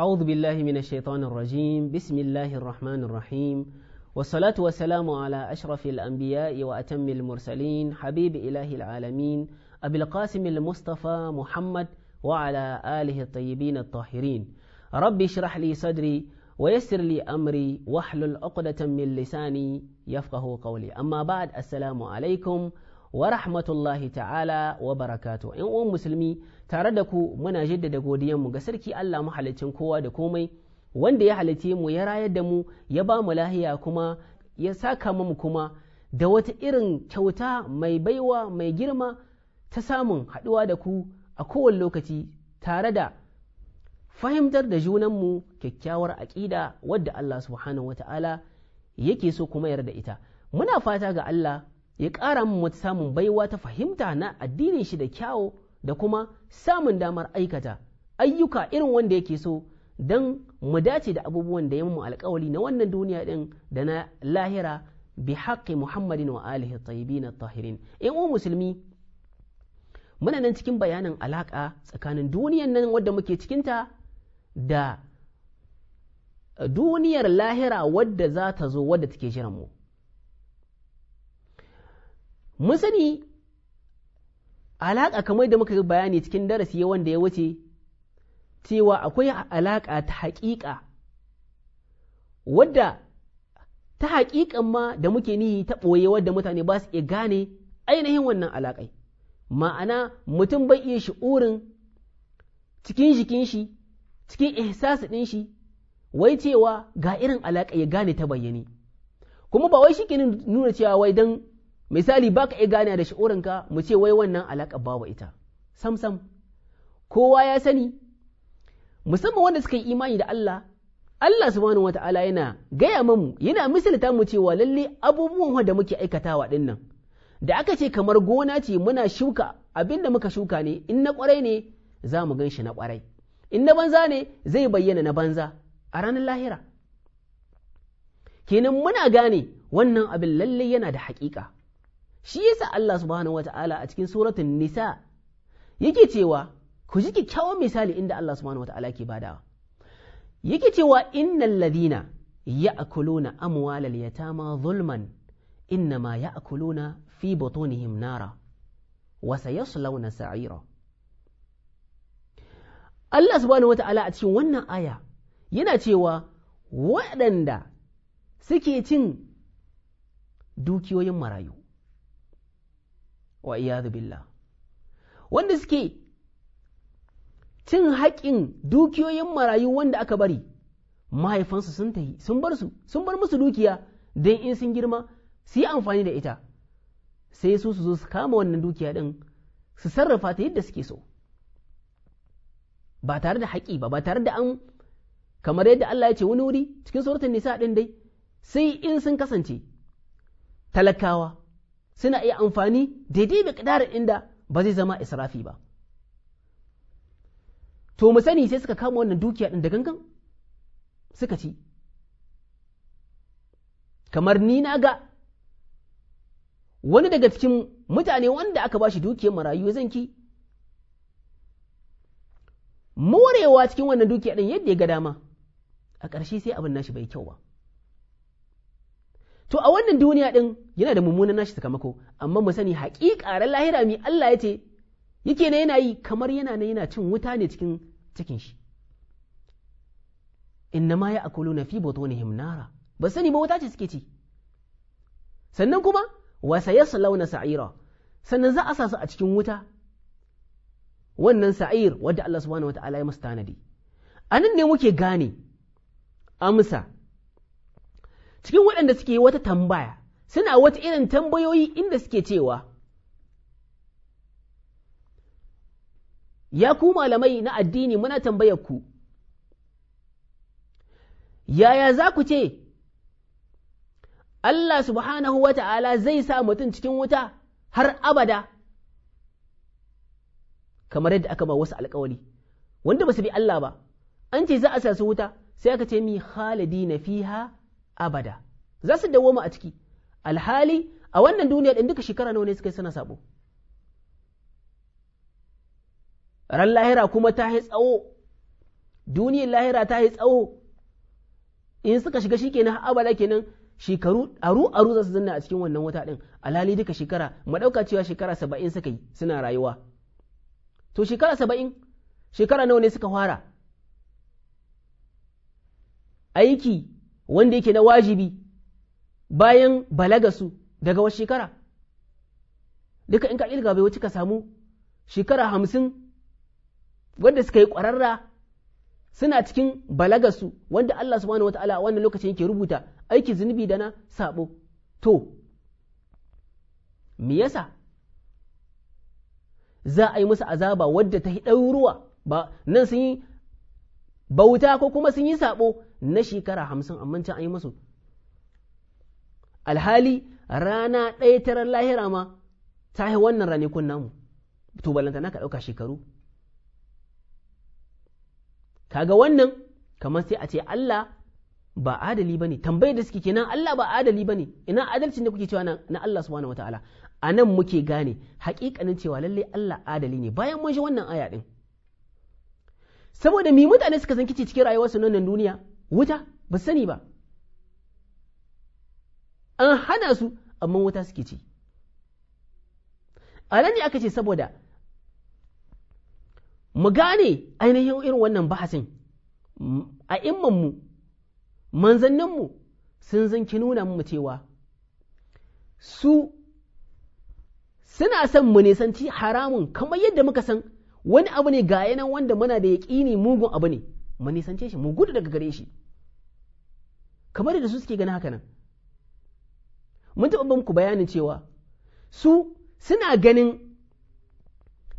أعوذ بالله من الشيطان الرجيم بسم الله الرحمن الرحيم والصلاة والسلام على أشرف الأنبياء وأتم المرسلين حبيب إله العالمين أبي القاسم المصطفى محمد وعلى آله الطيبين الطاهرين ربي اشرح لي صدري ويسر لي أمري واحلل عقدة من لساني يفقه قولي أما بعد السلام عليكم wa rahmatullahi ta'ala wa barakatu in uwan musulmi tare da ku muna jaddada mu ga sarki Allah mahalicin kowa da komai wanda ya halice mu ya rayar da mu ya ba mu lahiya kuma ya saka mu kuma da wata irin kyauta mai baiwa mai girma ta samun haɗuwa da ku a kowane lokaci tare da fahimtar da junan mu kyakkyawar aƙida wadda Allah subhanahu wa ta'ala yake so kuma yarda ita muna fata ga Allah ya ƙara mu samun baiwa ta fahimta na addinin shi da kyawo da kuma samun damar aikata ayyuka irin wanda yake so don mu dace da abubuwan da ya mu alkawali na wannan duniya din da na lahira bi haƙƙi muhammadin wa alihi na tahirin in o musulmi muna nan cikin bayanin alaƙa tsakanin duniyar nan wadda muke cikinta da duniyar lahira wadda za ta zo wadda take jiran mu mun sani alaƙa kamar da muka bayani cikin darasi wanda ya wuce cewa akwai alaƙa ta haƙiƙa wadda ta haƙiƙan ma da muke nihi ta ɓoye wadda mutane ba su iya gane ainihin wannan alaƙai ma'ana mutum bai iya shi'urin cikin jikin shi cikin ihsas ɗin shi wai cewa ga irin alaƙa ya gane ta bayyane kuma ba wai shi nuna cewa wai don misali baka iya gane da shi'urinka mu ce wai wannan alaƙa babu ita samsam kowa ya sani musamman wanda suka yi imani da Allah Allah subhanahu ta'ala yana gaya mamu yana misalta mu cewa lalle abubuwan da muke aikatawa din da aka ce kamar gona ce muna shuka abin da muka shuka ne in na kwarai ne za mu gan shi na kwarai in na banza ne zai bayyana na banza a ranar lahira kenan muna gane wannan abin lalle yana da haƙiƙa shi yasa Allah subhanahu wata'ala a cikin suratul nisa yake cewa ku ji kyakkyawan misali inda Allah subhanahu wata'ala ke badawa yake cewa innal ladina ya'kuluna amwalal yatama zulman innama ya'kuluna fi butunihim nara wa sayaslawna sa'ira Allah subhanahu wata'ala a cikin wannan aya yana cewa waɗanda suke cin dukiyoyin marayu wa iyadu billah wanda suke cin haƙƙin dukiyoyin marayu wanda aka bari mahaifansu sun tahi sun bar su sun bar musu dukiya don in sun girma su yi amfani da ita sai su su zo su kama wannan dukiya din su sarrafa ta yadda suke so ba tare da haƙi ba ba tare da an kamar yadda Allah ya ce wani wuri cikin suratul nisa din dai sai in sun kasance talakawa suna iya amfani daidai miƙdarin inda ba zai zama israfi ba to mu sani sai suka kama wannan dukiya ɗin da gangan suka ci kamar ni na ga wani daga cikin mutane wanda aka bashi dukiyar marayu zan ki? morewa cikin wannan dukiya ɗin yadda ya ga dama a ƙarshe sai abin nashi bai kyau ba to a wannan duniya din yana da mummunan nashi sakamako amma mu sani haƙiƙa ran lahira mi Allah ya ce yake na yana yi kamar yana ne yana cin wuta ne cikin cikin shi ma ya na fi butunihim nara ba sani ba wuta ce suke ci sannan kuma wa sayaslawna sa'ira sannan za a sa a cikin wuta wannan sa'ir wadda Allah subhanahu wataala ya musu tanadi anan ne muke gane amsa cikin waɗanda suke wata tambaya suna wata irin tambayoyi inda suke cewa ya ku malamai na addini muna tambayar ku yaya za ku ce Allah subhanahu wa ta'ala zai sa mutum cikin wuta har abada kamar yadda aka ba wasu alkawari wanda ba su bi Allah ba an ce za a sa su wuta sai aka ce mi khalidi na fiha abada za su dawoma a ciki alhali a wannan duniya ɗin duka shekara nawa ne suka yi suna sabo ran lahira kuma ta yi tsawo duniyar lahira ta yi tsawo in suka shiga shi kenan abada kenan shekaru aru aru za su zanna a cikin wannan wata ɗin alhali duka shekara mu ɗauka cewa shekara saba'in suka yi suna rayuwa to shekara saba'in shekara nawa ne suka fara aiki wanda yake na wajibi bayan balagasu daga wasu shekara duka in ka ƙirga bai wuce ka samu shekara hamsin wanda suka yi ƙwararra suna cikin balagasu wanda Allah subhanahu wa ta'ala wannan lokacin yake rubuta aiki zunubi da na sabo to me yasa za a yi musu azaba wadda ta hi ɗauruwa ba nan sun yi bauta ko kuma sun yi sabo na shekara hamsin amma can an yi masu alhali rana ɗaya tarar lahira ma ta yi wannan kun namu to balantana ka ɗauka shekaru kaga wannan kamar sai a ce Allah ba adali bane tambayar da suke kenan Allah ba adali bane ina adalcin da kuke cewa na Allah subhanahu wataala a nan muke gane hakikanin cewa lallai Allah adali ne bayan mun shi wannan aya din saboda mi mutane suka san kici cikin rayuwarsu nan duniya wuta ba sani ba an hana su amma wuta suke ci a nan ne aka ce saboda mu gane ainihin irin wannan bahasin a immanmu manzanninmu sun zanki nuna mu cewa su suna son mu ci haramun kamar yadda muka san wani abu ne ga yanan wanda muna da yaƙini mugun abu ne mu nisance shi mu gudu daga gare shi kamar da su suke ganin haka nan mun taɓa muku bayanin cewa su suna ganin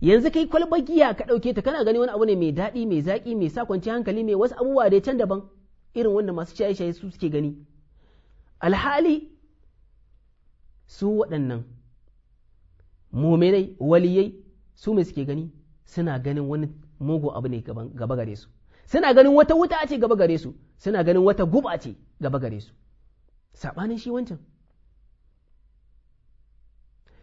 yanzu kai kwalbar giya ka ɗauke ta kana gani wani abu ne mai daɗi mai zaƙi mai sa kwanci hankali mai wasu abubuwa da can daban irin wanda masu shaye-shaye su suke gani alhali su waɗannan muminai waliyai su mai suke gani suna ganin wani mugu abu ne gaba gare su suna ganin wata wuta ce gaba gare su suna ganin wata guba ce gaba gare su saɓanin shi wancan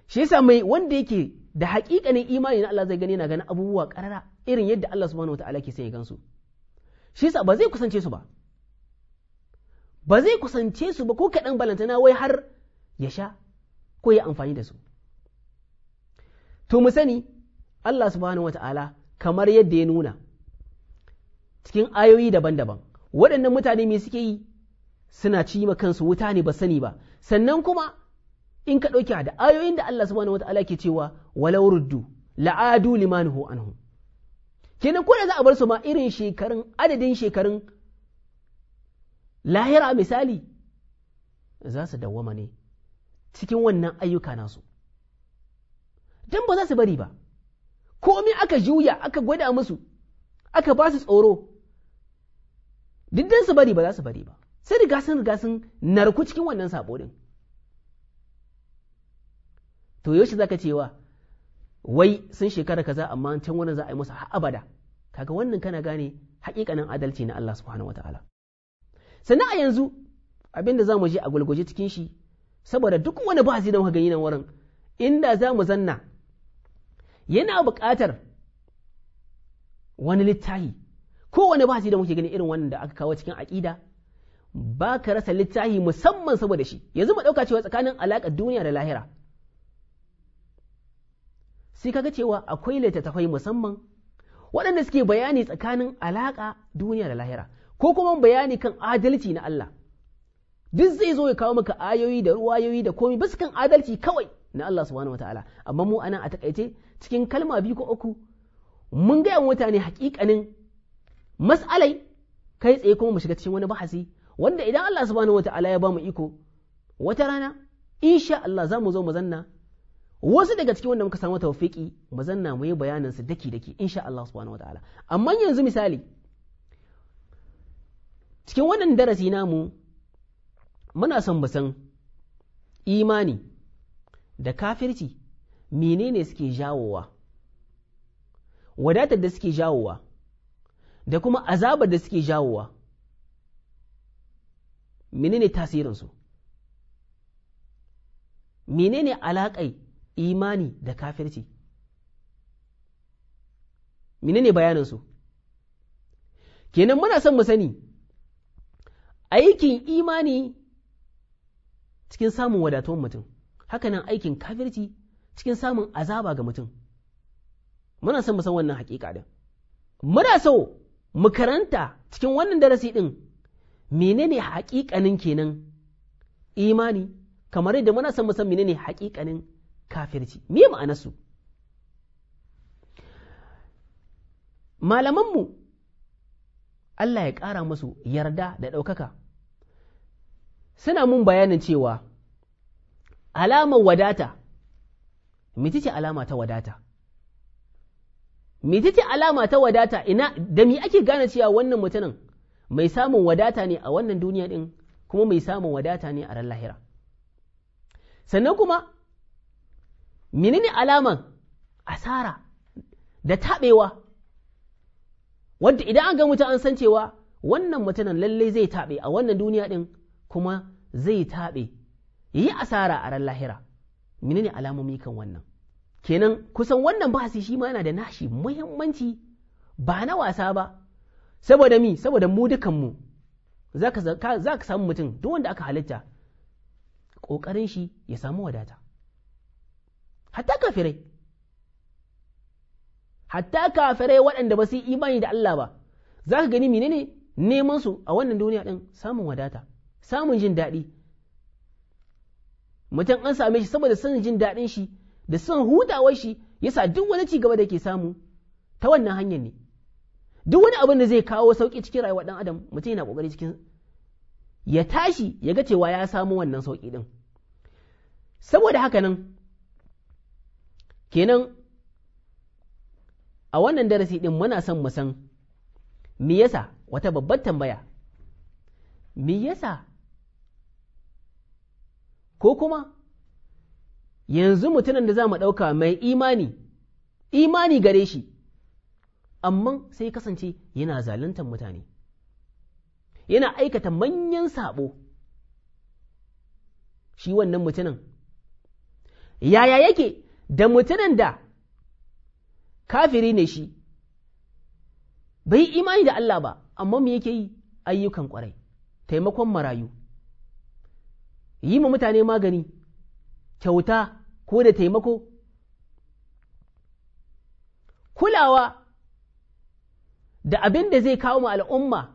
shi yasa mai wanda yake da haƙiƙanin imani na Allah zai gani yana ganin abubuwa ƙarara irin yadda Allah subhanahu wataala ke sanya gansu shi yasa ba zai kusance su ba ba zai kusance su ba ko kaɗan balantana wai har ya sha ko ya amfani da su to mu sani Allah subhanahu wataala kamar yadda ya nuna cikin ayoyi daban-daban waɗannan mutane me suke yi suna ci ma kansu wuta ne ba sani ba sannan kuma in ka ɗauki da ayoyin da Allah subhanahu ta'ala ke cewa Wala ruddu la'adu limanhu anhu kenan ko da za a bar su ma irin shekarun adadin shekarun lahira misali za su dawwama ne cikin wannan ayyuka nasu dan ba za su bari ba komai aka juya aka gwada musu aka ba su tsoro duk su bari ba za su bari ba sai riga sun riga sun narku cikin wannan sabo din to yaushe zaka cewa wai sun shekara kaza amma can wannan za a yi musu har abada kaga wannan kana gane haƙiƙanin adalci na Allah subhanahu wataala sannan a yanzu abin da za mu je a gulguje cikin shi saboda duk wani ba zai da muka gani nan wurin inda zamu mu zanna yana buƙatar wani littahi ko wani ba zai da muke gani irin wannan da aka kawo cikin aƙida ba ka rasa littafi musamman saboda shi yanzu mu ɗauka cewa tsakanin alaka duniya da lahira sai kaga cewa akwai littattafai musamman waɗanda suke bayani tsakanin alaƙa duniya da lahira ko kuma bayani kan adalci na Allah duk zai zo ya kawo maka ayoyi da ruwayoyi da komai bisa kan adalci kawai na Allah subhanahu wataala amma mu anan a takaice cikin kalma biyu ko uku mun gaya mutane hakikanin mas'alai kai tsaye kuma mu shiga cikin wani bahasi wanda idan Allah subhanahu ta'ala ya bamu iko wata rana insha Allah za mu zo mu zanna wasu daga cikin wanda muka samu tawfiki mu zanna mu yi bayanin su daki daki insha Allah subhanahu ta'ala amma yanzu misali cikin wannan darasi namu muna son mu san imani da kafirci menene suke jawowa wadatar da suke jawowa da kuma azabar da suke jawowa menene tasirin su menene alaƙai imani da kafirci menene su kenan muna son mu sani aikin imani cikin samun wadatuwan mutum hakanan aikin kafirci cikin samun azaba ga mutum muna son mu san wannan hakika din muna so mu karanta cikin wannan darasi din menene hakikanin kenan imani kamar yadda muna san musan menene hakikanin kafirci me ma'anarsu malamanmu Allah ya ƙara musu yarda da ɗaukaka suna mun bayanin cewa alamar wadata mitice alama ta wadata mitice alama ta wadata ina da mi ake gane cewa wannan mutumin mai samun wadata ne a wannan duniya ɗin kuma mai samun wadata ne a ran lahira sannan kuma menene alaman asara da taɓewa wadda idan an ga mutum an san cewa wannan mutumin lallai zai taɓe a wannan duniya ɗin kuma zai taɓe yi asara a ran lahira menene alamomi kan wannan kenan kusan wannan bahasi shi ma yana da nashi muhimmanci ba na wasa ba saboda mi saboda mu dukanmu za ka samu mutum duk wanda aka halitta ƙoƙarin shi ya samu wadata hatta kafirai hatta kafirai waɗanda ba su yi imani da Allah ba za ka gani menene neman su a wannan duniya ɗin samun wadata samun jin daɗi mutum an same shi saboda son jin daɗin shi da son hutawar shi yasa duk wani cigaba da ke samu ta wannan hanyar ne duk wani abin da zai kawo sauki cikin rayuwar dan adam mutum yana kokari cikin ya tashi ya ga cewa ya samu wannan sauki din saboda haka nan kenan a wannan darasi din muna son mu san me yasa wata babbar tambaya me yasa ko kuma yanzu mutumin da za mu ɗauka mai imani imani gare shi amma sai kasance yana zaluntar mutane yana aikata manyan sabo shi wannan mutumin yaya yake da mutumin da kafiri ne shi bai imani da Allah ba amma mu yake yi ayyukan kwarai taimakon marayu yi ma mutane magani kyauta ko da taimako kulawa da abin da zai kawo ma al'umma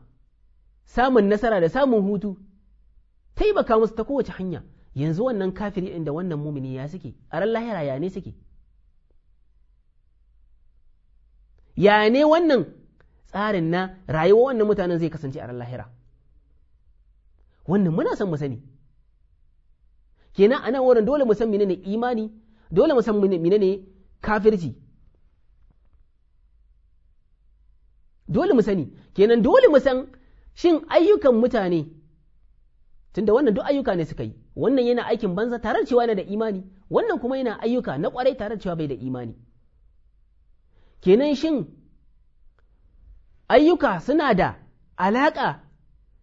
samun nasara da samun hutu taimaka musu ta kowace hanya yanzu wannan kafiri inda wannan mumini ya suke a ran lahira ya ne suke ya ne wannan tsarin na rayuwa wannan mutanen zai kasance a ran lahira wannan muna son mu sani kenan ana wurin dole mu san menene imani dole mu san menene kafirci dole mu sani kenan dole mu san shin ayyukan mutane tunda wannan duk ayyuka ne suka yi wannan yana aikin banza tare da cewa yana da imani wannan kuma yana ayyuka na kwarai tare da cewa bai da imani kenan shin ayyuka suna da alaƙa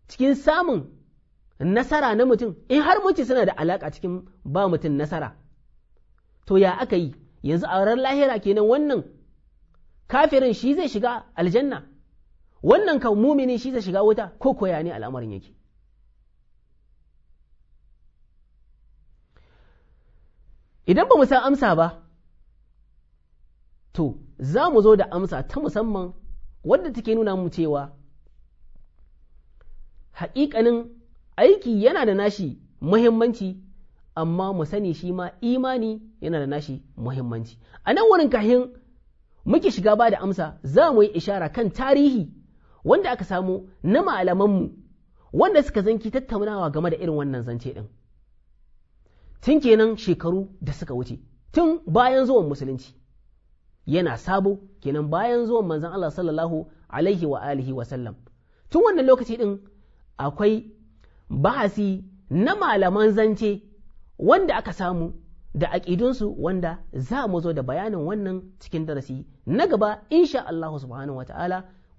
cikin samun nasara na mutum in har mutum suna da alaka cikin ba mutum nasara to ya aka yi yanzu a ran lahira kenan wannan kafirin shi zai shiga aljanna wannan kan mumini shi zai shiga wuta ko koya ne al'amarin yake idan ba mu san amsa ba to za mu zo da amsa ta musamman wadda take nuna mu cewa haƙiƙanin aiki yana da nashi muhimmanci amma mu sani shi ma imani yana da nashi muhimmanci a nan wurin kahin muke shiga ba da amsa za mu yi ishara kan tarihi wanda aka samu na malamanmu wanda suka zanki tattaunawa game da irin wannan zance ɗin tun kenan shekaru da suka wuce tun bayan zuwan musulunci yana sabo kenan bayan zuwan manzan Allah sallallahu alaihi wa alihi wa sallam tun wannan lokaci ɗin akwai bahasi na malaman zance wanda aka samu da aƙidunsu wanda za mu zo da bayanin wannan cikin darasi na gaba insha Allah subhanahu wa ta'ala